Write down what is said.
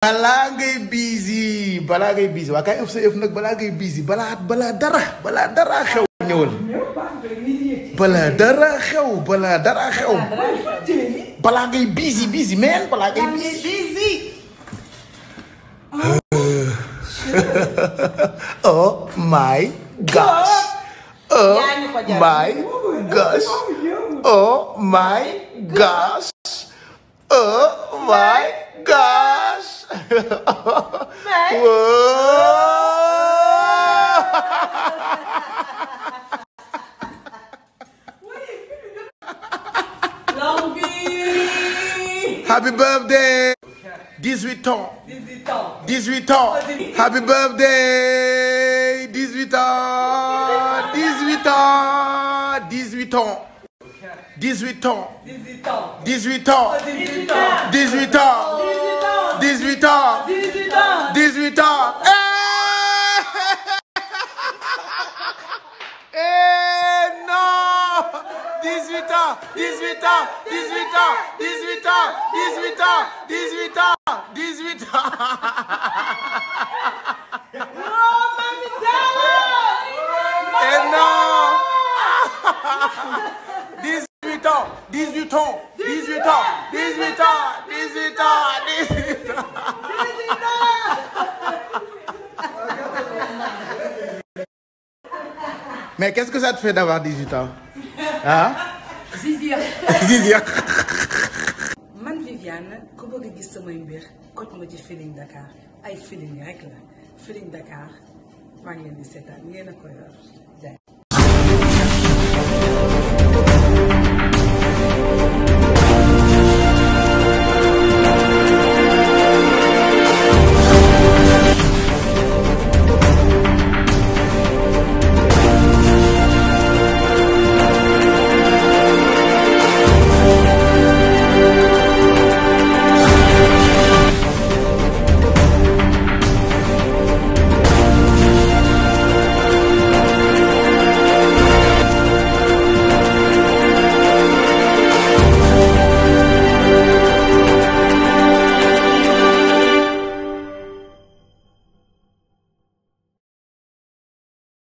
balaa ngay biisi balaa ngay biisi waa kaay ëf sa balaa ngay biisi balaa balaa balaa dara xew ñëwal balaa dara xew balaa ngay biisi biisi meen balaa ngay biisi oh, oh my gosh oh my gosh oh my gosh Vai. Happy birthday. 18 ans. 18 ans. 18 ans. Happy birthday. 18 ans. 18 ans. 18 ans. 18 ans. 18 ans. 18 ans. 18 ans. 18 ans, 18 ans, 18 ans, 18 ans, 18 ans, 18 ans, 18 ans. Non, Mami Diallo. Et non. 18 ans, 18 ans, 18 ans, 18 ans, 18 ans, 18 ans. Mais qu'est-ce que ça te fait d'avoir 18 ans? ah. Zizia. Zizia. man Viviane ku bëgg a gis samay mbir koc ma ci Feeling Dakar ay feeling rek la Feeling Dakar maa ngi di seetaan yéen a yor.